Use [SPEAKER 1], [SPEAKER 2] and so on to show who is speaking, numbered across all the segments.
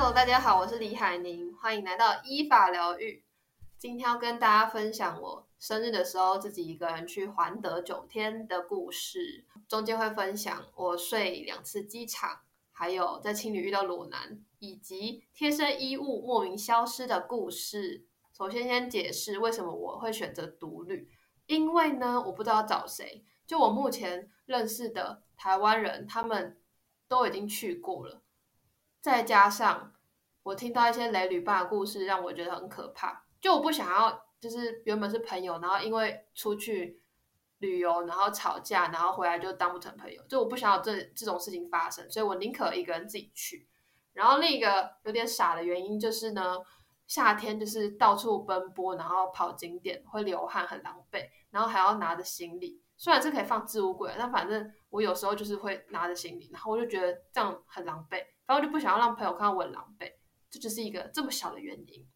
[SPEAKER 1] Hello，大家好，我是李海寧，歡迎來到依法療愈。今天要跟大家分享我生日的時候自己一個人去環德九天的故事，中間會分享我睡兩次機場，還有在青旅遇到裸男，以及貼身衣物莫名消失的故事。首先先解釋為什麼我會選擇獨旅，因為呢，我不知道要找誰，就我目前認識的台灣人，他們都已經去過了。再加上我聽到一些雷旅伴的故事，讓我覺得很可怕。就我不想要，就是原本是朋友，然後因為出去旅遊，然後吵架，然後回來就當不成朋友。就我不想要這這種事情發生，所以我寧可一個人自己去。然後另一個有點傻的原因就是呢，夏天就是到處奔波，然後跑景點會流汗很狼狽，然後還要拿着行李，雖然是可以放置物櫃，但反正我有時候就是會拿着行李，然後我就覺得這樣很狼狽。然後就不想要讓朋友看到我很狼狽，這就是一個這麼小的原因。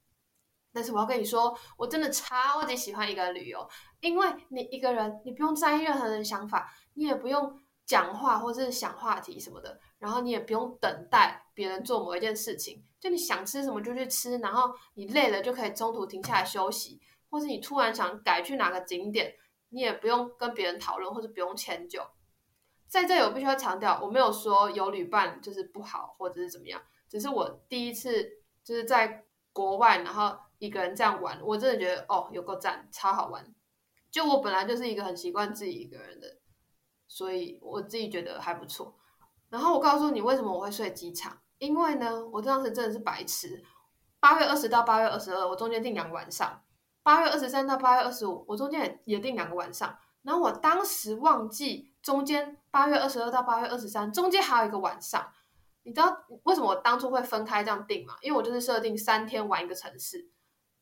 [SPEAKER 1] 但是我要跟你說，我真的超級喜歡一個人旅遊，因為你一個人，你不用在意任何人的想法，你也不用講話或是想話題什麼的，然後你也不用等待別人做某一件事情，就你想吃什麼就去吃，然後你累了就可以中途停下來休息，或是你突然想改去哪個景點，你也不用跟別人討論或者不用遷就。在這，我必須要強調，我沒有說有旅伴就是不好，或者是怎麼樣，只是我第一次就是在國外，然後一個人這樣玩,我真的覺得哦，有夠讚，超好玩。就我本來就是一個很習慣自己一個人的,所以我自己覺得還不錯。然後我告訴你為什麼我會睡機場，因為呢，我當時真的是白痴。八月二十到八月二十二，我中間訂兩個晚上；八月二十三到八月二十五，我中間也也訂兩個晚上。然後我當時忘記中間八月二十二到八月二十三中間還有一個晚上，你知道為什麼我當初會分開這樣定嗎？因為我就是設定三天玩一個城市，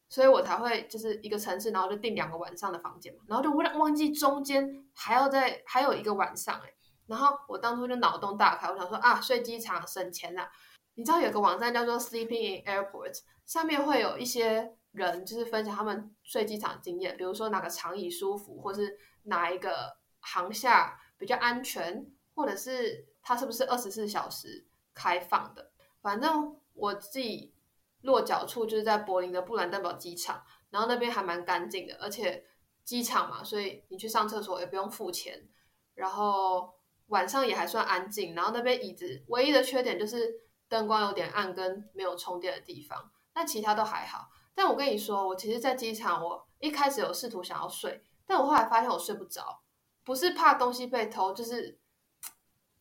[SPEAKER 1] 所以我才會就是一個城市，然後就訂兩個晚上的房間嘛，然後就忘忘記中間還要再還有一個晚上，欸，然後我當初就腦洞大開，我想說啊睡機場省錢啦、啊，你知道有個網站叫做 Sleeping in Airports。上面會有一些人，就是分享他們睡機場經驗，比如說哪個長椅舒服，或是哪一個航廈比較安全，或者是它是不是二十四小時開放的。反正我自己落腳處就是在柏林的布蘭登堡機場，然後那邊還蠻乾淨的，而且機場嘛，所以你去上廁所也不用付錢。然後晚上也還算安靜，然後那邊椅子唯一的缺點就是燈光有點暗，跟沒有充電的地方。那其他都還好，但我跟你說，我其實，在機場，我一開始有試圖想要睡，但我後來發現我睡不着，不是怕東西被偷，就是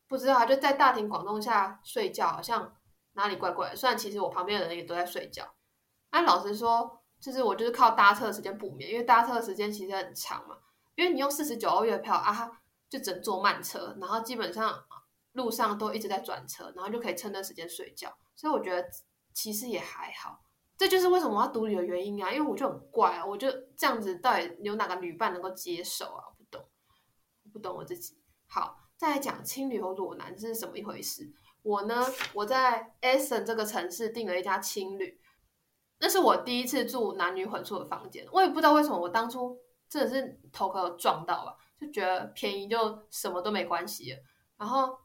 [SPEAKER 1] 不知道，就在大庭廣眾下睡覺，好像哪裡怪怪的，雖然其實我旁邊的人也都在睡覺。按老實說，就是我就是靠搭車的時間補眠，因為搭車的時間其實很長嘛，因為你用四十九歐月票啊，就只能坐慢車，然後基本上路上都一直在轉車，然後就可以趁那時間睡覺，所以我覺得其實也還好。這就是為什麼我要獨旅的原因啊，因為我就很怪啊，我就這樣子，到底有哪個女伴能夠接受啊？不懂，不懂我自己。好，再來講青旅和裸男這是什麼一回事？我呢，我在 Essen 這個城市訂了一家青旅，那是我第一次住男女混住的房間。我也不知道為什麼，我當初真的是頭殼撞到了，就覺得便宜就什麼都沒關係。然後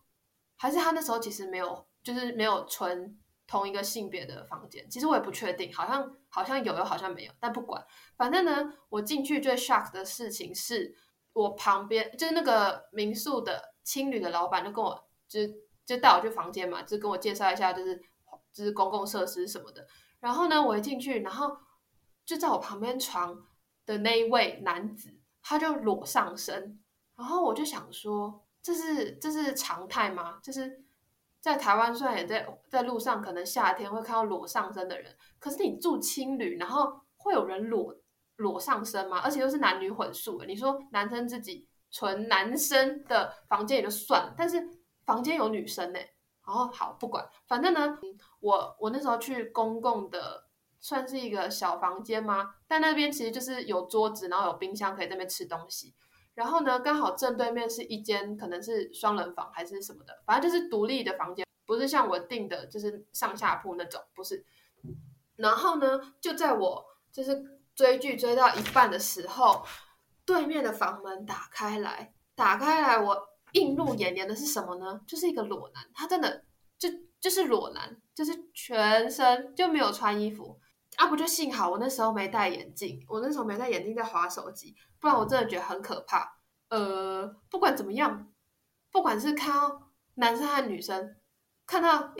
[SPEAKER 1] 還是他那時候其實沒有，就是沒有純。同一個性別的房間，其實我也不確定，好像好像有，又好像沒有，但不管，反正呢，我進去最 shock 的事情是我旁邊就是那個民宿的青旅的老闆就跟我就就帶我去房間嘛，就跟我介紹一下，就是就是公共設施什麼的。然後呢，我一進去，然後就在我旁邊床的那一位男子，他就裸上身，然後我就想說，這是這是常態嗎？就是。在台灣雖然也在在路上，可能夏天會看到裸上身的人，可是你住青旅，然後會有人裸裸上身嗎？而且又是男女混宿，你說男生自己純男生的房間也就算了，但是房間有女生呢，然後，哦，好，不管，反正呢，我我那時候去公共的算是一個小房間嗎？但那邊其實就是有桌子，然後有冰箱可以在那邊吃東西。然後呢，剛好正對面是一間可能是雙人房還是什麼的，反正就是獨立的房間，不是像我訂的就是上下鋪那種，不是。然後呢，就在我就是追劇追到一半的時候，對面的房門打開來，打開來，我映入眼簾的是什麼呢？就是一個裸男，他真的就就是裸男，就是全身就沒有穿衣服。啊不就幸好我那時候沒戴眼鏡，我那時候沒戴眼鏡在滑手機，不然我真的覺得很可怕。呃，不管怎麼樣，不管是看到男生還是女生，看到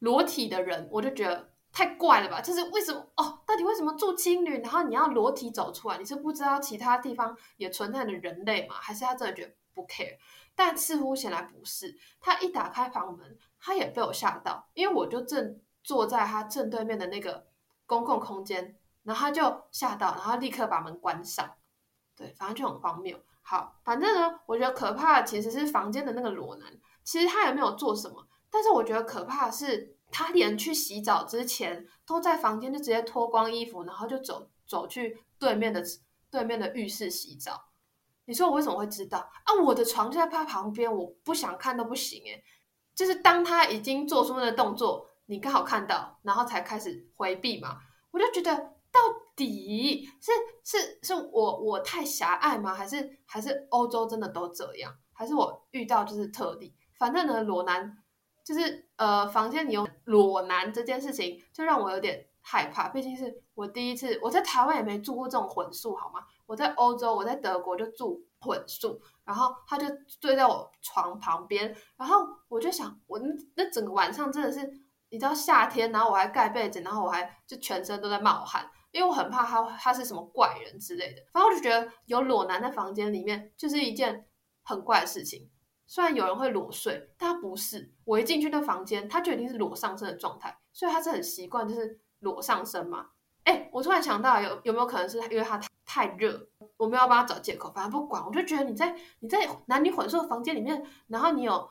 [SPEAKER 1] 裸體的人，我就覺得太怪了吧？就是為什麼？哦，到底為什麼住青旅，然後你要裸體走出來？你是不知道其他地方也存在的人類嗎？還是他真的覺得不 care？但似乎顯然不是，他一打開房門，他也被我嚇到，因為我就正坐在他正對面的那個。公共空間，然後他就嚇到，然後立刻把門關上，對，反正就很荒謬。好，反正呢，我覺得可怕的其實是房間的那個裸男，其實他也沒有做什麼，但是我覺得可怕的是他連去洗澡之前都在房間就直接脫光衣服，然後就走走去對面的對面的浴室洗澡。你說我為什麼會知道？啊，我的床就在他旁邊，我不想看都不行欸。就是當他已經做出那個動作，你剛好看到，然後才開始回避嘛？我就覺得到底是是是我我太狹隘嗎？還是還是歐洲真的都這樣？還是我遇到就是特例？反正呢，裸男就是呃，房間裡有裸男這件事情，就讓我有點害怕。畢竟是我第一次，我在台灣也沒住過這種混宿，好嗎？我在歐洲，我在德國就住混宿，然後他就睡在我床旁邊，然後我就想，我那那整個晚上真的是。你知道夏天，然後我還蓋被子，然後我還就全身都在冒汗，因為我很怕他，他是什麼怪人之類的。反正我就覺得有裸男在房間裡面，就是一件很怪的事情。雖然有人會裸睡，但他不是。我一進去那房間，他就一定是裸上身的狀態，所以他是很習慣就是裸上身嘛。誒，欸，我突然想到有，有有沒有可能是因為他太熱？我沒有幫他找借口，反正不管，我就覺得你在你在男女混宿的房間裡面，然後你有。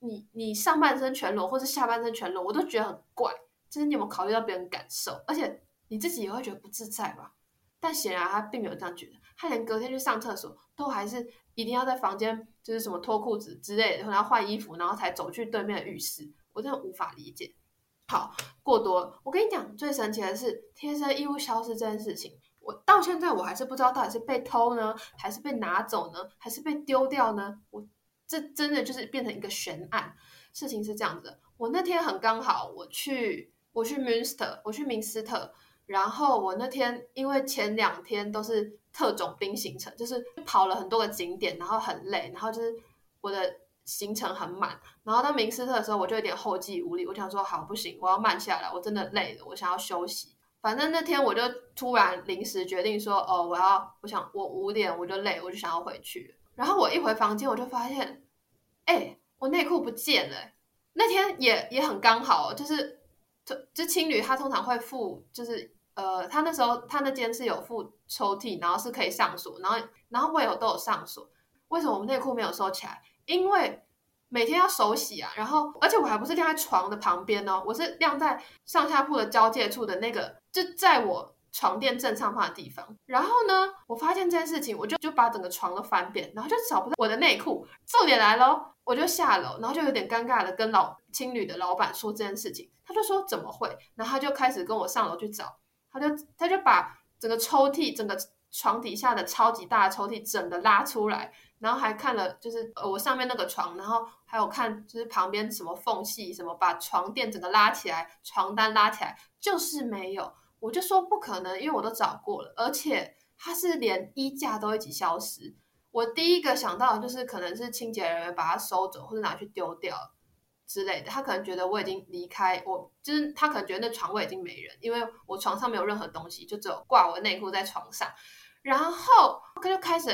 [SPEAKER 1] 你你上半身全裸或是下半身全裸，我都覺得很怪。就是你有沒有考慮到別人感受，而且你自己也會覺得不自在吧？但顯然他並沒有這樣覺得，他連隔天去上廁所都還是一定要在房間，就是什麼脫褲子之類的，然後換衣服，然後才走去對面的浴室。我真的無法理解。好，過多了。我跟你講，最神奇的是貼身衣物消失這件事情，我到現在我還是不知道到底是被偷呢，還是被拿走呢，還是被丟掉呢？我。這真的就是變成一個懸案。事情是這樣子的，我那天很剛好我去，我去我去明斯特，我去明斯特，然後我那天因為前兩天都是特種兵行程，就是跑了很多個景點，然後很累，然後就是我的行程很滿，然後到明斯特的時候我就有點後繼無力，我想說好不行，我要慢下來，我真的累了，我想要休息。反正那天我就突然臨時決定說，哦，我要我想我五點我就累，我就想要回去。然後我一回房間，我就發現，哎、欸，我內褲不見了、欸。那天也也很剛好、哦，就是，就就青旅他通常會附，就是呃，他那時候他那間是有附抽屜，然後是可以上鎖，然後然後我有都有上鎖。為什麼我們內褲沒有收起來？因為每天要手洗啊。然後，而且我還不是晾在床的旁邊哦，我是晾在上下鋪的交界處的那個，就在我。床墊正上方的地方，然後呢，我發現這件事情，我就就把整個床都翻遍，然後就找不到我的內褲。重點來咯，我就下樓，然後就有點尷尬的跟老青旅的老板說這件事情，他就說怎麼會，然後他就開始跟我上樓去找，他就他就把整個抽屜、整個床底下的超級大的抽屜整個拉出來，然後還看了就是呃我上面那個床，然後還有看就是旁邊什麼縫隙什麼，把床墊整個拉起來，床單拉起來，就是沒有。我就說不可能，因為我都找過了，而且他是連衣架都一起消失。我第一個想到的就是可能是清潔人員把它收走或者拿去丟掉之類的。他可能覺得我已經離開，我就是他可能覺得那床位已經沒人，因為我床上沒有任何東西，就只有掛我內褲在床上。然後他就開始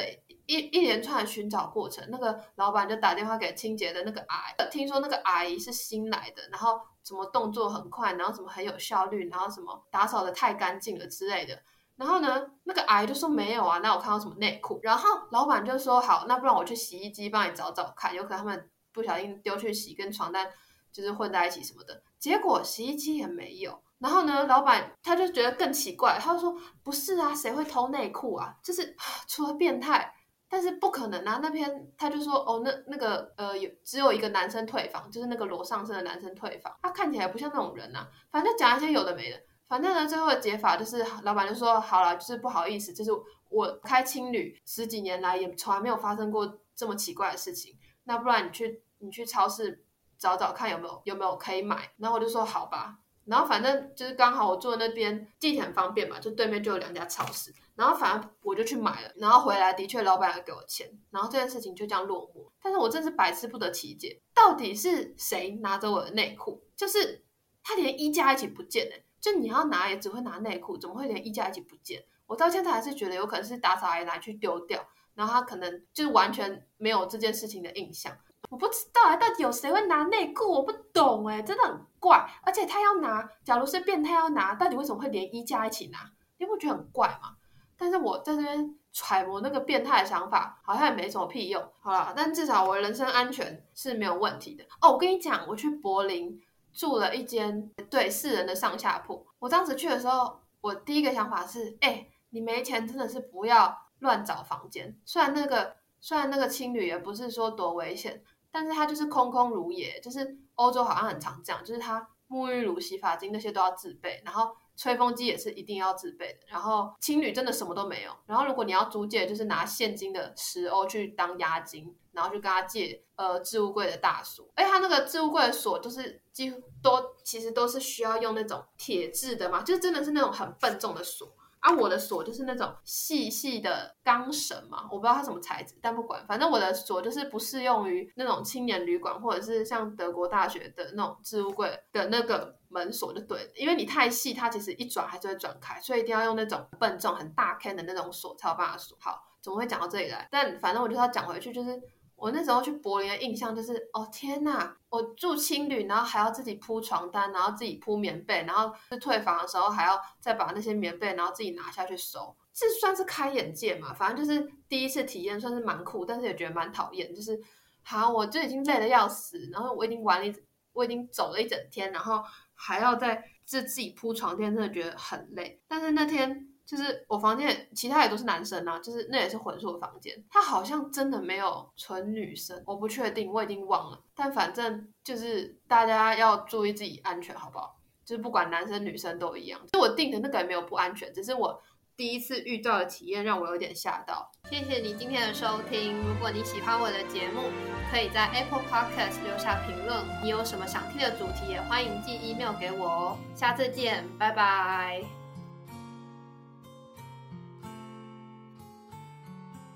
[SPEAKER 1] 一一連串的尋找過程。那個老板就打電話給清潔的那個阿姨，聽說那個阿姨是新來的，然後。什麼動作很快，然後什麼很有效率，然後什麼打掃得太乾淨了之類的。然後呢，那個阿姨就說沒有啊，那我看到什麼內褲。然後老板就說好，那不然我去洗衣機幫你找找看，有可能他們不小心丟去洗跟床單就是混在一起什麼的。結果洗衣機也沒有。然後呢，老板他就覺得更奇怪，他就說不是啊，誰會偷內褲啊？就是除了變態。但是不可能啊！那邊他就說，哦，那那個呃，有只有一個男生退房，就是那個裸上身的男生退房，他看起來不像那種人啊。反正講一些有的沒的，反正呢，最後的解法就是老闆就說，好啦，就是不好意思，就是我開青旅十幾年來也從來沒有發生過這麼奇怪的事情。那不然你去你去超市找找看有沒有有沒有可以買。然後我就說好吧，然後反正就是剛好我住的那邊地鐵很方便嘛，就對面就有兩家超市。然後反而我就去買了，然後回來的確老闆要給我錢，然後這件事情就這樣落幕。但是我真是百思不得其解，到底是誰拿走我的內褲？就是他連衣架一起不見了，欸，就你要拿也只會拿內褲，怎麼會連衣架一起不見？我到現在還是覺得有可能是打掃阿姨拿去丟掉，然後他可能就是完全沒有這件事情的印象。嗯，我不知道哎，欸，到底有誰會拿內褲？我不懂哎，欸，真的很怪。而且他要拿，假如是變態要拿，到底為什麼會連衣架一起拿？你不覺得很怪嗎？但是我在這邊揣摩那個變態的想法，好像也沒什麼屁用。好了，但至少我的人身安全是沒有問題的。哦，我跟你講，我去柏林住了一間對四人的上下鋪。我當時去的時候，我第一個想法是：哎、欸，你沒錢真的是不要亂找房間。雖然那個雖然那個青旅也不是說多危險，但是它就是空空如也。就是歐洲好像很常這樣，就是它沐浴乳、洗髮精那些都要自備。然後。吹風機也是一定要自備的，然後青旅真的什麼都沒有。然後如果你要租借，就是拿現金的十歐去當押金，然後去跟他借呃置物櫃的大鎖。哎，他那個置物櫃的鎖就是幾乎都其實都是需要用那種鐵質的嘛，就是真的是那種很笨重的鎖。啊，我的鎖就是那種細細的鋼繩嘛，我不知道它是什麼材質，但不管，反正我的鎖就是不適用於那種青年旅館或者是像德國大學的那種置物櫃的那個門鎖，就對，因為你太細，它其實一轉它就會轉開，所以一定要用那種笨重很大顆的那種鎖才有辦法鎖好。怎麼會講到這裡來？但反正我就要講回去，就是。我那時候去柏林的印象就是，哦天吶，我住青旅，然後還要自己鋪床單，然後自己鋪棉被，然後退房的時候還要再把那些棉被，然後自己拿下去收。這算是開眼界嘛？反正就是第一次體驗，算是蠻酷，但是也覺得蠻討厭。就是好，我就已經累得要死，然後我已經玩了一，我已經走了一整天，然後還要再自自己鋪床墊，真的覺得很累。但是那天。就是我房間，其他也都是男生啊，就是那也是混宿的房間。他好像真的沒有純女生，我不確定，我已經忘了。但反正就是大家要注意自己安全，好不好？就是不管男生女生都一樣。就是、我定的那個也沒有不安全，只是我第一次遇到的體驗讓我有點嚇到。謝謝你今天的收聽。如果你喜歡我的節目，可以在 Apple Podcast 留下評論。你有什麼想聽的主題，也歡迎寄 email 給我哦。下次見，拜拜。